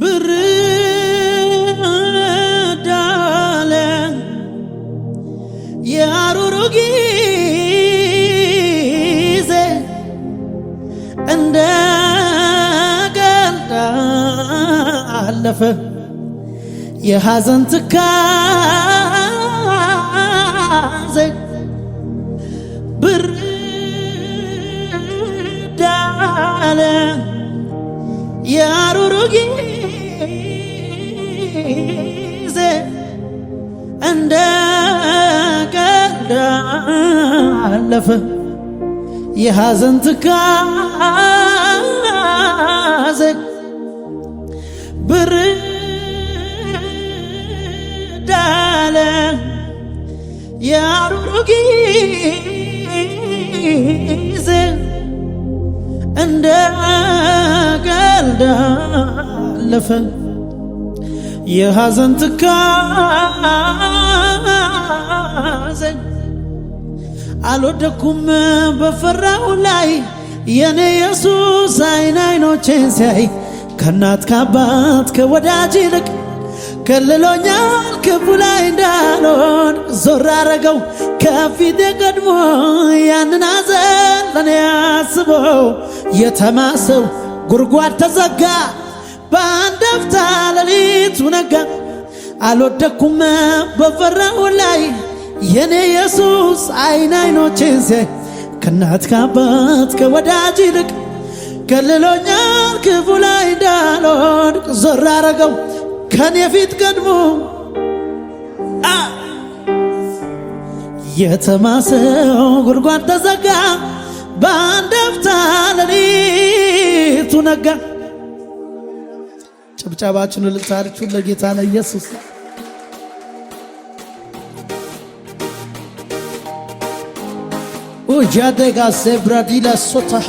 ብርዳለ የአሩሩ ጊዜ እንደ ገንዳ አለፈ የሐዘን ትካዜ ብርዳለ የአሩሩ ጊዜ ሲይዝ እንደ ቀልድ አለፈ የሐዘን ትካዜ ብርድ አለ የሐሩሩ ጊዜ እንደ ቀልድ አለፈ የሐዘን ትካዘን አልወደኩም በፈራው ላይ የኔ ኢየሱስ አይን አይኖቼን ሲያይ ከእናት ከአባት ከወዳጅ ይልቅ ከልሎኛል ክፉ ላይ እንዳልሆን ዞር አረገው ከፊት ቀድሞ ያንን አዘን ለኔ አስበው የተማሰው ጉድጓድ ተዘጋ በአንድ አፍታ ሌሊቱ ነጋ። አልወደኩም በፈራው ላይ የኔ ኢየሱስ አይን አይኖችን ሲያይ ከእናት ከአባት ከወዳጅ ይልቅ ከልሎኛል ክፉ ላይ እንዳልወድቅ ዞር አረገው ከኔ ፊት ቀድሞ የተማሰው ጉድጓድ ተዘጋ በአንድ አፍታ ሌሊቱ ነጋ። ጭብጨባችን ልታርቹ ለጌታ ለኢየሱስ ኡጃደጋ ሴብራዲላ ሶታ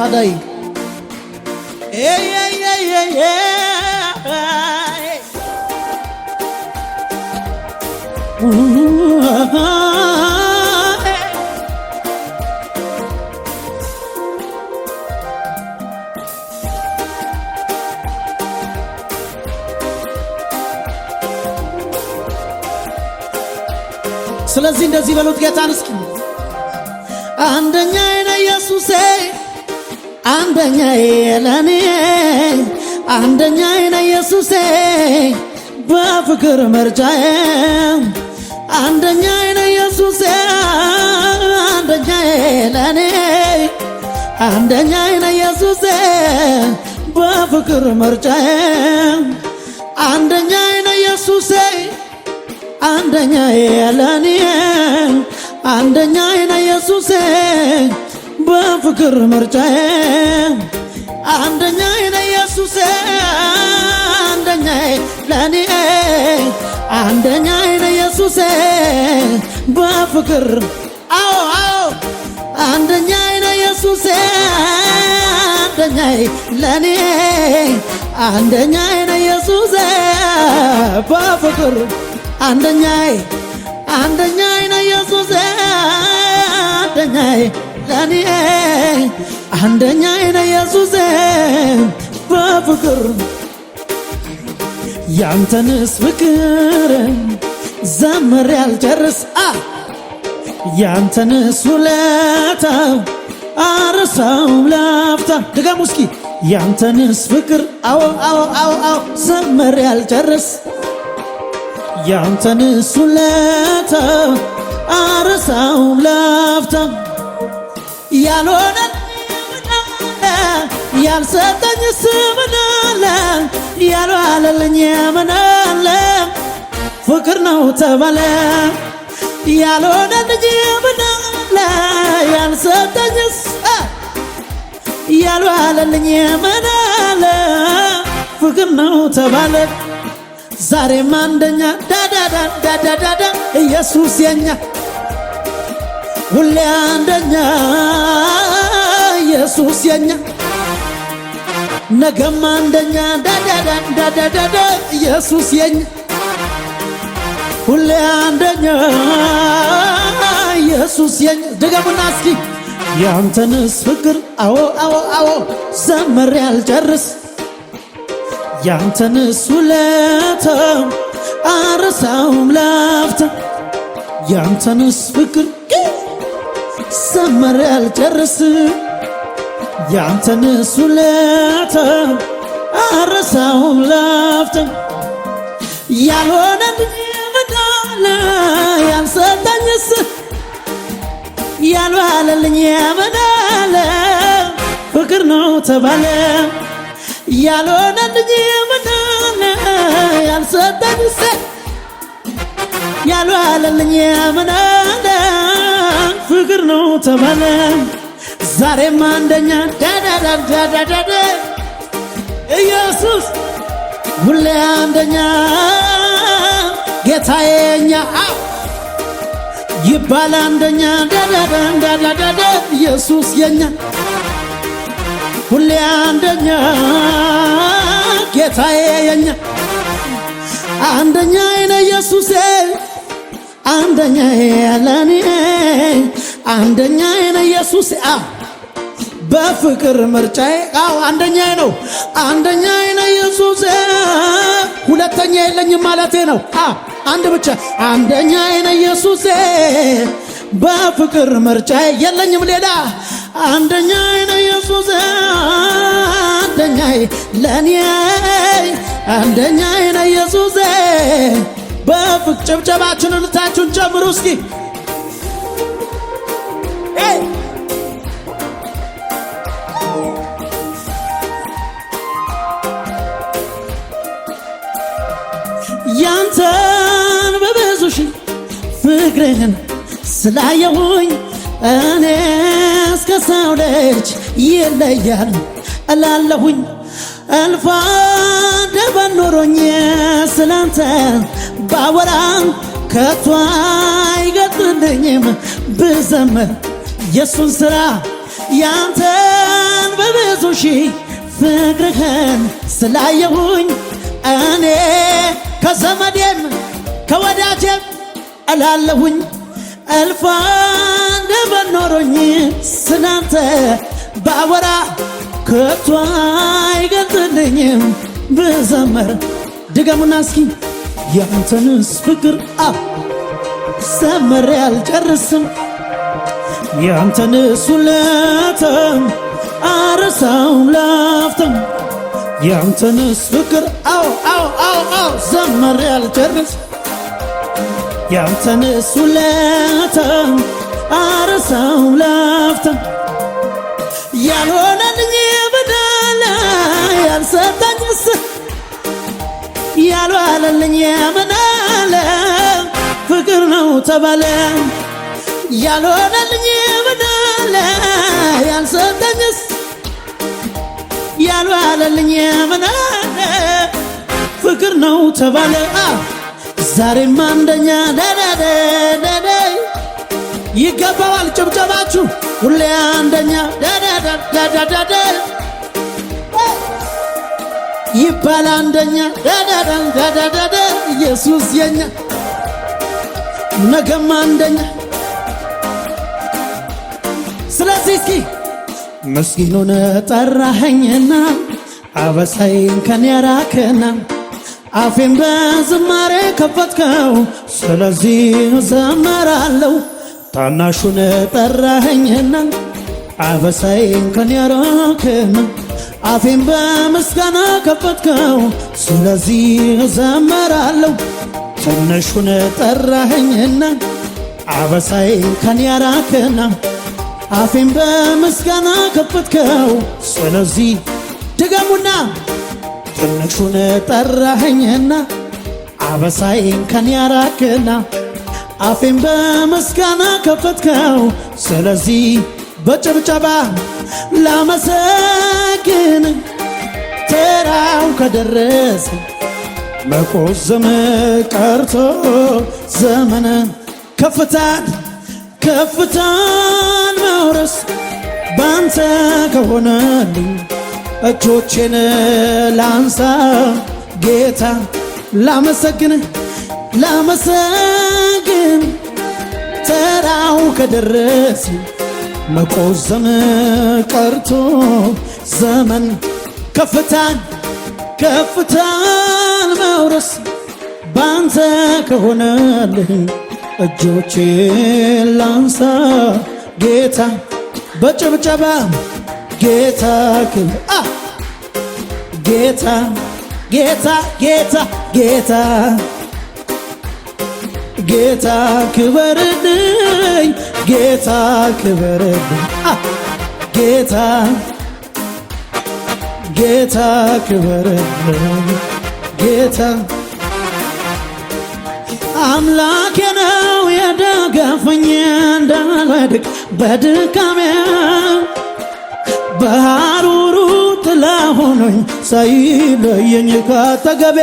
ስለዚህ እንደዚህ በሉት ጌታን እስኪ አንደኛ ነህ ኢየሱሴ፣ አንደኛ የለኔ አንደኛ ነህ ኢየሱሴ በፍቅር መርጃዬ አንደኛ ነህ ኢየሱሴ አንደኛ የለኔ አንደኛ ነህ ኢየሱሴ በፍቅር መርጃዬ አንደኛ ነህ ኢየሱሴ አንደኛ የለኔ አንደኛ የነ ኢየሱሴ በፍቅር ምርጫዬ አንደኛ የነ ኢየሱሴ አንደኛ ለኔ አንደኛ የነ ኢየሱሴ በፍቅር አዎ አዎ አንደኛ የነ ኢየሱሴ አንደኛ ለኔ አንደኛ የነ ኢየሱሴ በፍቅር አንደኛዬ አንደኛዬ ነው ኢየሱስ አንደኛዬ ለኔ አንደኛዬ ነው ኢየሱስ በፍቅር ያንተንስ ፍቅር ዘምሬ አልጨርስ ያንተንስ ውለታ አረሳውም ላፍታ ድጋሙ እስኪ ያንተንስ ፍቅር አዎ አዎ አዎ አዎ ዘምሬ አልጨርስ ያንተን ሱለታ አረሳውም ላፍታ ያልሆነ ያልሰጠኝ ስምናለ ያልዋለልኝ ምናለ ፍቅር ነው ተባለ ያልሆነ ልጅ ምናለ ያልሰጠኝ ያልዋለልኝ ምናለ ፍቅር ነው ተባለ ዛሬ ማንደኛ ዳዳዳዳዳዳ ዳዳዳዳ ኢየሱስ የኛ ሁሌ አንደኛ ኢየሱስ የኛ ነገም አንደኛ ዳዳዳ ዳዳዳዳ ኢየሱስ የኛ ሁሌ አንደኛ ኢየሱስ የኛ ድገሙና እስኪ ያንተንስ ፍቅር አዎ አዎ አዎ ዘመር ያልጨርስ ያንተን ውለታ አረሳውም ላፍታ ያንተንስ ፍቅር ሰመረ አልጨርስም ያንተንስ ውለታ አረሳውም ላፍታ ያልሆነ ምዳለ ያልሰጠኝስ ያልባለልኝ ያመዳለ ፍቅር ነው ተባለ ያልሆነ ልጅ የመዳነ ያልሰጠኝ ሴ ያልዋለልኝ የመዳነ ፍቅር ነው ተባለ ዛሬም አንደኛ ዳዳዳዳዳዳደ ኢየሱስ ሁሌ አንደኛ ጌታዬኛ ይባል አንደኛ ዳዳዳዳዳዳደ ኢየሱስ የኛ ሁሌ አንደኛ ጌታዬ የኛ አንደኛ ነ ኢየሱሴ አንደኛ ለኔ አንደኛ ነ ኢየሱሴ በፍቅር ምርጫዬ አዎ አንደኛ ነው። አንደኛ ነ ኢየሱሴ ሁለተኛ የለኝም ማለቴ ነው። አንድ ብቻ አንደኛ ነ ኢየሱሴ በፍቅር ምርጫዬ የለኝም ሌላ አንደኛ ነው ኢየሱስ አንደኛዬ ለኔ አንደኛዬ ነው ኢየሱስ። በፍቅ ጭብጨባችሁን ሁለታችሁን ጨምሩ እስኪ ያንተን በብዙ ሺህ ፍቅርህን ስላየሁኝ እኔ ከሰው ልጅ ይለያል እላለሁኝ አልፋ ደበኖሮኝ ስላንተ ባወራ ከቷ አይገጥልኝም ብዘምር የሱን ስራ ያንተን በብዙ ሺህ ፍቅርህን ስላየሁኝ እኔ ከዘመዴም ከወዳጄም እላለሁኝ አልፋ አንድ በኖሮኝ ስናንተ ባወራ ከቶ አይገልጥልኝም ብዘመር ድገሙና እስኪ ያንተንስ ፍቅር አ ዘመሬ አልጨርስም ያንተንስ ውለታም አረሳውም ላፍታም ያንተንስ ፍቅር አው አው አው አው ዘመሬ አልጨርስ ያንተንስ ውለታም አረሳው ላፍታ ያልሆነልኝ በዳላ ያልሰጠኝ ምስ ያልዋለልኝ ምናለ ፍቅር ነው ተባለ ያልሆነልኝ በዳላ ያልሰጠኝስ ያልዋለልኝ ምናለ ፍቅር ነው ተባለ ዛሬም አንደኛ ደደደ ይገባዋል ጭብጨባችሁ ሁሌ አንደኛ ደደደደደደ ይባል አንደኛ ደደደደደደ ኢየሱስ የኛ ነገም አንደኛ። ስለዚህ እስኪ ምስኪኑን ጠራኸኝና አበሳይን ከኔ ያራክና አፌን በዝማሬ ከፈትከው፣ ስለዚህ ዘመራለሁ ታናሹን ጠራኸኝና አበሳዬን ከኔ ያራክና አፌን በምስጋና ከፈትከው፣ ስለዚህ እዘምራለሁ። ትንሹን ጠራኸኝና አበሳዬን ከኔ ያራክና አፌን በምስጋና ከፈትከው፣ ስለዚህ ድገሙና ትንሹን ጠራኸኝና አበሳዬን ከኔ አፌን በመስጋና ከፈትከው፣ ስለዚህ በጭብጨባ ላመሰግን ተራው ከደረሰ መቆዘም ቀርቶ ዘመንን ከፍታን ከፍታን መውረስ ባንተ ከሆነልኝ እጆቼን ላንሳ ጌታ ላመሰግንህ ላመሰግን ተራው ከደረስ መቆዘም ቀርቶ ዘመን ከፍታን ከፍታን መውረስ ባንተ ከሆነልኝ እጆቼን ላንሳ ጌታ በጭብጨባ ጌታ ጌታ ጌታ ጌታ ጌታ ጌታ ክበርልኝ፣ ጌታ ክበርልኝ፣ ጌታ ጌታ ክበርልኝ፣ ጌታ አምላኬ ነው የደገፈኝ እንዳልወድቅ በድካሜ በሐሩሩ ጥላ ሆኖኝ ሳይለየኝ ካጠገቤ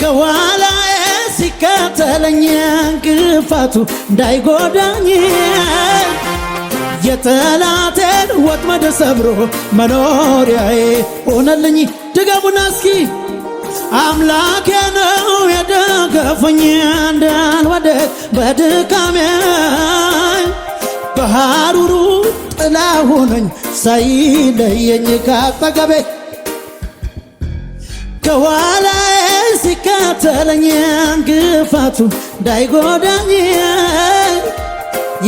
ከኋላ ተከተለኝ ግፋቱ እንዳይጎዳኝ የጠላቴን ወጥመድ ሰብሮ መኖሪያዬ ሆነልኝ። ድገሙና እስኪ አምላኬ ነው የደገፈኝ እንዳልወደቅ በድካሜ በሐሩሩ ጥላ ሆነኝ ሳይለየኝ ካጠገቤ ከኋላዬ ሲካተለኝ ግፋቱ እንዳይጎዳኝ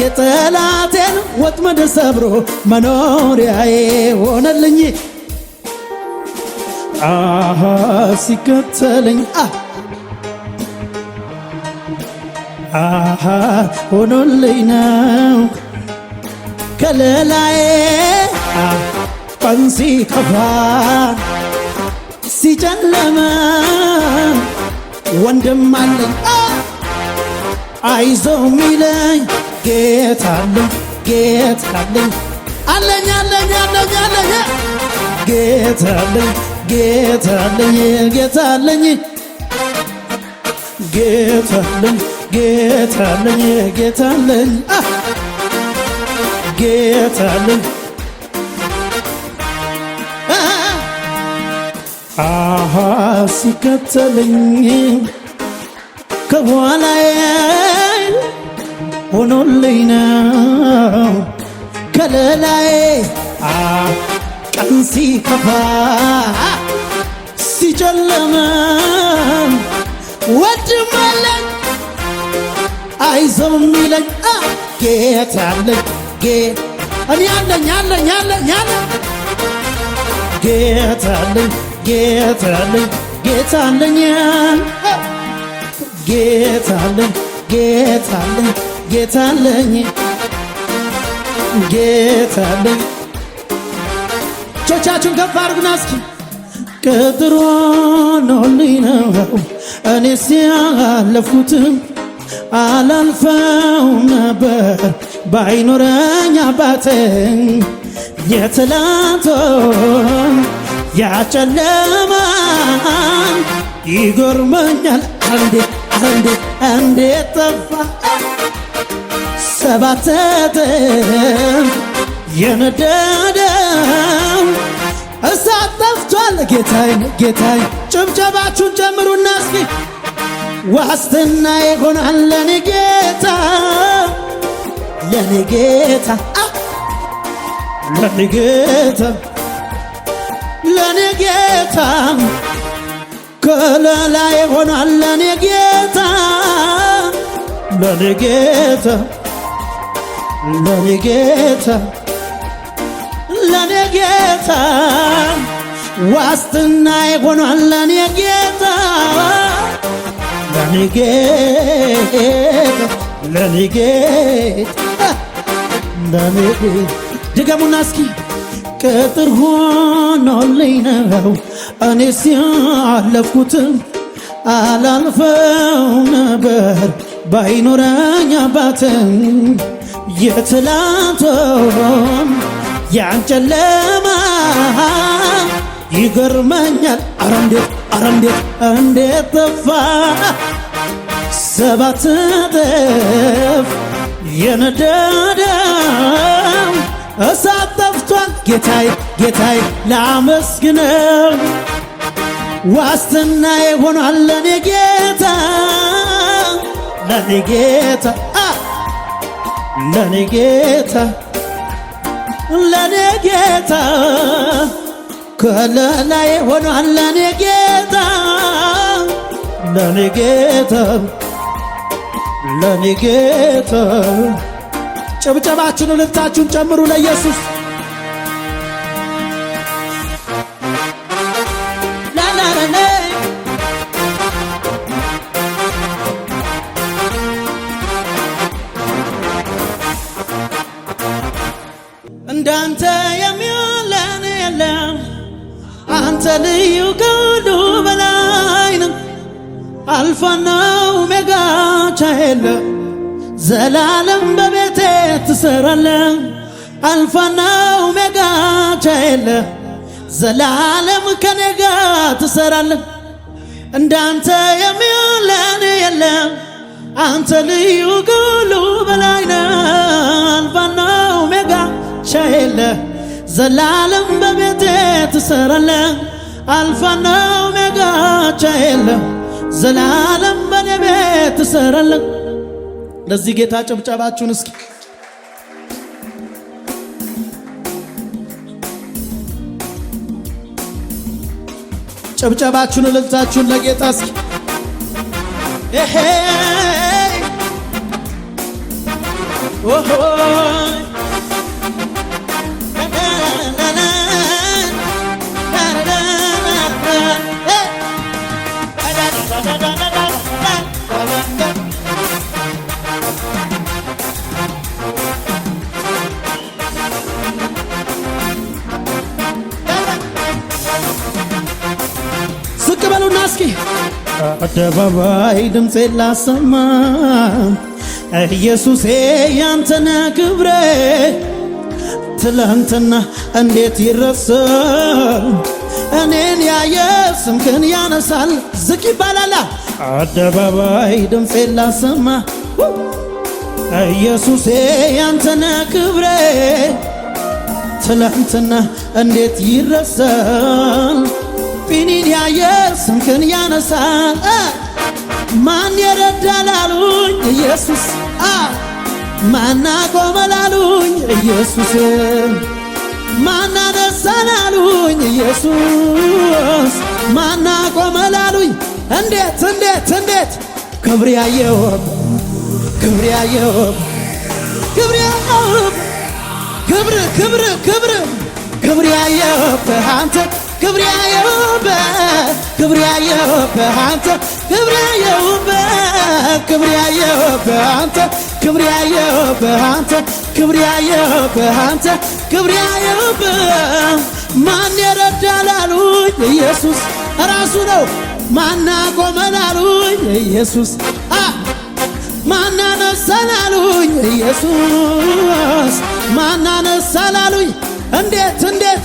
የጠላቴን ወጥመድ ሰብሮ መኖሪያዬ ሆነልኝ። አሃ ሲከተለኝ አሃ ሆኖልኝ ነው ከለላዬ ቀን ሲከፋ ሲጨለመ ወንድም አለኝ አይዞህ ሚለኝ ጌታ አለ ጌታ አለ አለኝ አለኝ አለኝ አለኝ ጌታ አለኝ ጌታ አለኝ ጌታ አለኝ ጌታ አለኝ ጌታ አለኝ ጌታ አለኝ ጌታ አለኝ ሲከተለኝ ከኋላዬ ሆኖልኝ ነው ከለላዬ ቀን ሲከፋ ሲጨለመም ወድም አለኝ አይዞህ ጌታ አለኝ ጌታ እኔ አለኝ አለኝ አለኝ አለኝ ጌታ አለኝ ጌታለኝ ጌታለኝ ጌታለኝ ጌታለኝ ጌታለኝ ጌታለኝ ቾቻችሁን ከፍ አድርጉና እስኪ ቀጥሮ ኖልኝ ነው እኔስ ያለፉትም አላልፈው ነበር ባይኖረኝ አባቴ የትላንቶም ያጨለማ ይጎርመኛል አንዴ አንዴ አንዴ ጠፋ ሰባተትም የነደደው እሳት ጠፍቷል። ጌታይ ጌታይ ጭብጨባችሁን ጨምሩና እስኪ ዋስትና ይሆናል ለኔ ጌታ ለኔ ጌታ ለኔ ጌታ ለኔ ጌታ ከለላይ ሆኗል ለኔ ጌታ ለኔ ጌታ ለኔ ጌታ ለኔ ጌታ ዋስትና ሆኗል ለኔ ጌታ ለኔ ጌታ ለኔ ጌታ ለኔ ድገሙና እስኪ ቅጥር ሆኖልኝ ነው እኔስ ያለፍኩትም አላልፈው ነበር ባይኖረኝ አባትን የትላንቶም ያንጨለማ ይገርመኛል። አረ እንዴት አረ እንዴት እንዴት ጠፋ ሰባት እጥፍ የነደደው እሳት ጌታይ ጌታይ ላመስግነው ዋስትና የሆኗል ለኔ ጌታ ለኔ ጌታ ለኔ ጌታ ለኔ ጌታ ከለላ የሆኗል ለኔ ጌታ ለኔ ጌታ ለኔ ጌታ ጭብጨባችሁን ልታችሁን ጨምሩ ለኢየሱስ አልፋና ኦሜጋ ቻሄለ ዘላለም በቤቴ ትሰራለ አልፋና ኦሜጋ ቻሄለ ዘላለም ከኔጋ ትሰራለ እንዳንተ የሚለን የለም አንተ ልዩ ከሁሉ በላይነ አልፋና ኦሜጋ ቻሄለ ዘላለም በቤቴ ትሰራለ አልፋና ኦሜጋ ቻሄለ ዘላለም በኔ ቤት ትሰራለህ። ለዚህ ጌታ ጭብጨባችሁን እስኪ ጭብጨባችሁን እልልታችሁን ለጌታ እስኪ ሄ በሉና እስኪ አደባባይ ድምፄ ላሰማ ኢየሱሴ ያንተነ ክብሬ ትላንትና እንዴት ይረሳል? እኔን ያየ ስምክን ያነሳል ዝቅ ይባላል አደባባይ ድምፄ ላሰማ ኢየሱሴ ያንተነ ክብሬ ትላንትና እንዴት ይረሳል? ፊኒን ያየ ስምክን ያነሳል ማን የረዳላሉኝ ኢየሱስ ማናቆመላሉኝ ኢየሱስ ነሳላሉኝ ኢየሱስ ማናቆመላሉኝ እንዴት እንዴት እንዴት ክብር ያየውም ክብር ያየውም ክብር ያየውም ክብር ክብር ክብር ክብር ያየውም አንተ ክብር ያየሁበት ክብር ያየሁበት አንተ ክብር ያየሁበት ክብር ያየሁበት አንተ ክብር ያየሁበት አንተ ክብር ያየሁበት አንተ ክብር ያየሁበት ማን ይረዳል አሉኝ ኢየሱስ ራሱ ነው። ማና ቆመን አሉኝ ኢየሱስ ማና ነሳን ኢየሱስ ማና እንዴት እንዴት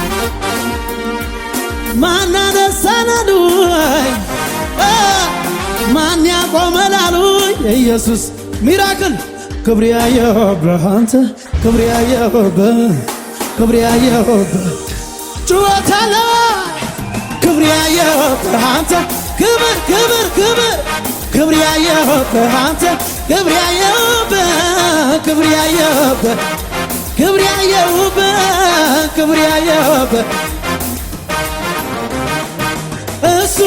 ማን አነሳናሉኝ ማን ያቆመናሉኝ ኢየሱስ ሚራክል ክብር ያየሁብህ አንተ ክብር ያየሁብህ ክብር ያየሁብህ ጩኸታ ላይ ክብር ያየሁብህ አንተ ክብር ክብር ክብር ክብር ያየሁብህ አንተ ክብር ያየሁብህ ክብር ያየሁብህ ክብር ያየሁብህ ክብር ያየሁብህ እሱ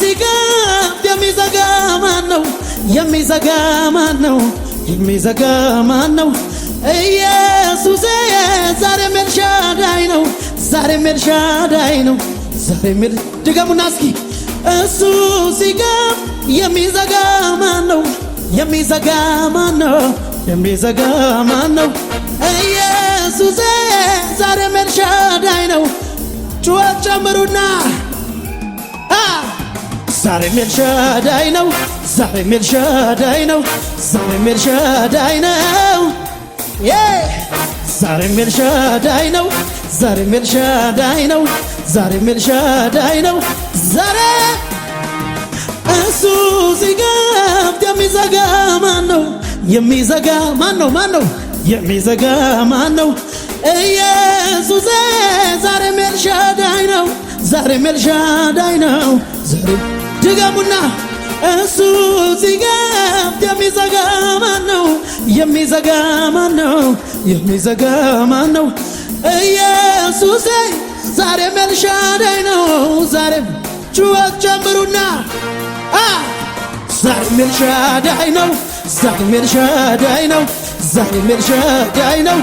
ሲገፍ የሚዘጋ ማን ነው? የሚዘጋ ማን ነው? የሚዘጋ ማን ነው? ኢየሱሴ ዛሬም ኤልሻዳይ ነው። ዛሬም ኤልሻዳይ ነው። ዛሬ ኤል ድገሙና እስኪ እሱ ሲገፍ የሚዘጋ ማን ነው? የሚዘጋ ማን ነው? የሚዘጋ ማን ነው? ኢየሱሴ ዛሬም ኤልሻዳይ ነው። ጩኸት ጨምሩና ዛሬም ኤልሻዳይ ነው፣ ዛሬም ኤልሻዳይ ነው፣ ዛሬም ኤልሻዳይ ነው፣ ዛሬም ኤልሻዳይ ነው፣ ዛሬም ኤልሻዳይ ነው፣ ዛሬም ኤልሻዳይ ነው። ዛሬ እሱ ሲገብት የሚዘጋ ማን ነው? የሚዘጋ ማን ነው? ማን ነው? የሚዘጋ ማን ነው? ኢየሱሴ ዛሬም ኤልሻዳይ ነው ዛሬም ኤልሻዳይ ነው። ዛሬ ድገሙና እሱ ሲገብ የሚዘጋ ማን ነው? የሚዘጋ ማን ነው? የሚዘጋ ማን ነው? ኢየሱሴ ዛሬም ኤልሻዳይ ነው። ዛሬም ጩኸት ጨምሩና ዛሬም ኤልሻዳይ ነው። ዛሬም ኤልሻዳይ ነው። ዛሬም ኤልሻዳይ ነው።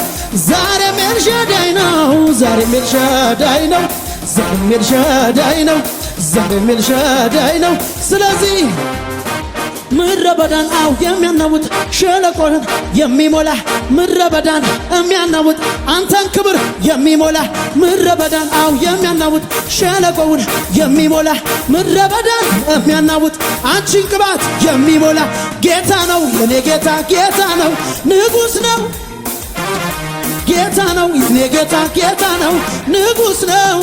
ዛሬም ኤልሻዳይ ነው። ዛሬም ኤልሻዳይ ነው። ዛሬም ኤልሻዳይ ነው፣ ዛሬም ኤልሻዳይ ነው። ስለዚህ ምድረ በዳን አው የሚያናውጥ ሸለቆን የሚሞላ ምድረ በዳን የሚያናውጥ አንተን ክብር የሚሞላ ምድረ በዳን አው የሚያናውጥ ሸለቆውን የሚሞላ ምድረ በዳን የሚያናውጥ አንቺን ቅባት የሚሞላ ጌታ ነው የኔ ጌታ ጌታ ነው ንጉሥ ነው ጌታ ነው የኔ ጌታ ጌታ ነው ንጉሥ ነው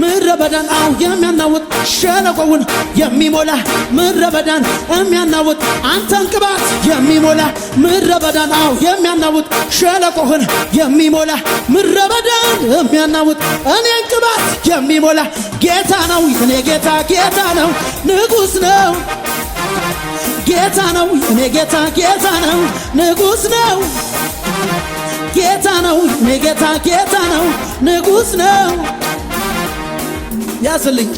ምድረ በዳን አው የሚያናውጥ ሸለቆውን የሚሞላ ምድረ በዳን የሚያናውጥ አንተን ቅባት የሚሞላ ምድረ በዳን አው የሚያናውጥ ሸለቆህን የሚሞላ ምድረ በዳን የሚያናውጥ እኔን ቅባት የሚሞላ ጌታ ነው የኔ ጌታ ጌታ ነው ንጉሥ ነው ጌታ ነው የኔ ጌታ ጌታ ነው ንጉሥ ነው ጌታ ነው የኔ ጌታ ጌታ ነው ንጉሥ ነው ያስልኝ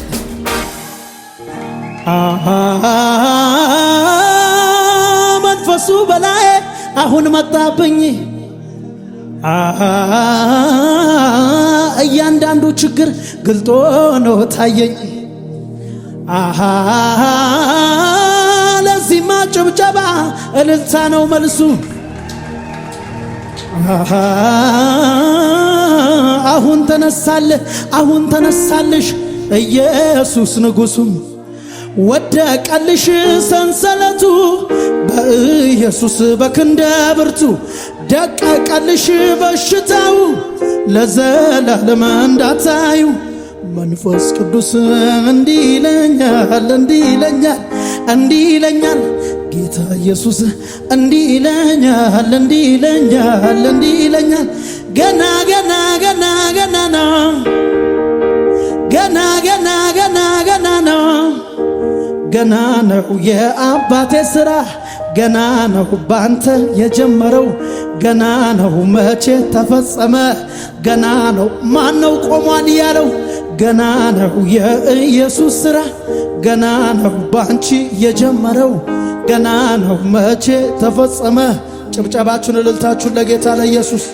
መንፈሱ በላይ አሁን መጣብኝ። እያንዳንዱ ችግር ግልጦ ነው ታየኝ። ለዚህማ ጭብጨባ እልልታ ነው መልሱ። አሁን ተነሳልህ፣ አሁን ተነሳልሽ ኢየሱስ ንጉሡ ወደቀልሽ ሰንሰለቱ በኢየሱስ በክንደ ብርቱ ደቀቀልሽ በሽታው ለዘላለም እንዳታዩ መንፈስ ቅዱስ እንዲለኛል እንዲለኛል እንዲለኛል ጌታ ኢየሱስ እንዲለኛል እንዲለኛል እንዲለኛል ገና ገና ገና ገና ነው ገና ገና ገና ገና ነው ገና ነው የአባቴ ሥራ ገና ነው ባንተ የጀመረው ገና ነው መቼ ተፈጸመ ገና ነው ማን ነው ቆሟል ያለው ገና ነው የኢየሱስ ሥራ ገና ነው ባንቺ የጀመረው ገና ነው መቼ ተፈጸመ። ጭብጨባችሁን እልልታችሁን ለጌታ ለኢየሱስ